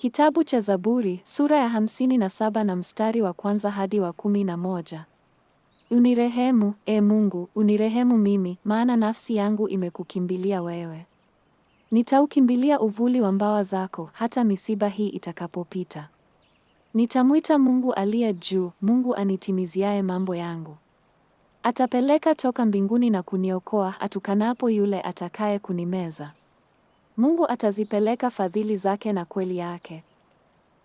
Kitabu cha Zaburi sura ya hamsini na saba na mstari wa kwanza hadi wa kumi na moja. Unirehemu, e Mungu, unirehemu mimi, maana nafsi yangu imekukimbilia wewe. Nitaukimbilia uvuli wa mbawa zako, hata misiba hii itakapopita. Nitamwita Mungu aliye juu, Mungu anitimiziaye mambo yangu. Atapeleka toka mbinguni na kuniokoa, atukanapo yule atakaye kunimeza. Mungu atazipeleka fadhili zake na kweli yake.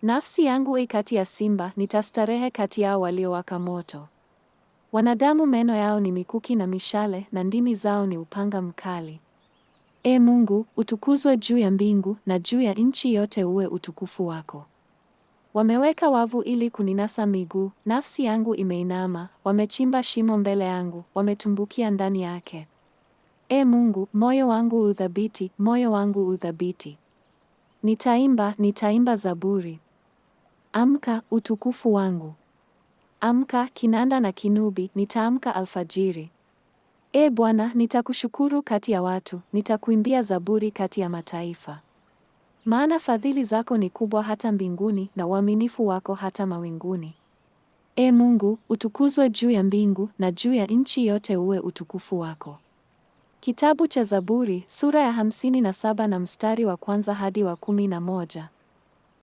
Nafsi yangu i kati ya simba, nitastarehe kati yao waliowaka moto. Wanadamu meno yao ni mikuki na mishale, na ndimi zao ni upanga mkali. E Mungu, utukuzwe juu ya mbingu, na juu ya nchi yote uwe utukufu wako. Wameweka wavu ili kuninasa miguu, nafsi yangu imeinama, wamechimba shimo mbele yangu, wametumbukia ndani yake. E Mungu, moyo wangu uthabiti, moyo wangu uthabiti. Nitaimba, nitaimba zaburi. Amka, utukufu wangu. Amka, kinanda na kinubi, nitaamka alfajiri. E Bwana, nitakushukuru kati ya watu, nitakuimbia zaburi kati ya mataifa. Maana fadhili zako ni kubwa hata mbinguni na uaminifu wako hata mawinguni. E Mungu, utukuzwe juu ya mbingu na juu ya nchi yote uwe utukufu wako. Kitabu cha Zaburi sura ya hamsini na saba na mstari wa kwanza hadi wa kumi na moja.